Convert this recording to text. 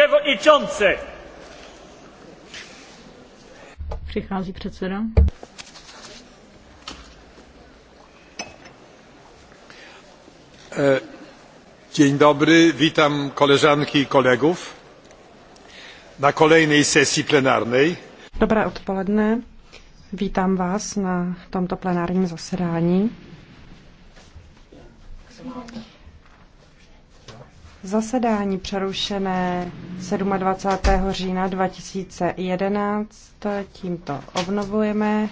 przewodniczący! Přichází předseda. E, dzień dobry, witam koleżanki i kolegów na kolejnej sesji plenarnej. Dobré odpoledne, vítám vás na tomto plenárním zasedání. Zasedání přerušené 27. října 2011 tímto obnovujeme.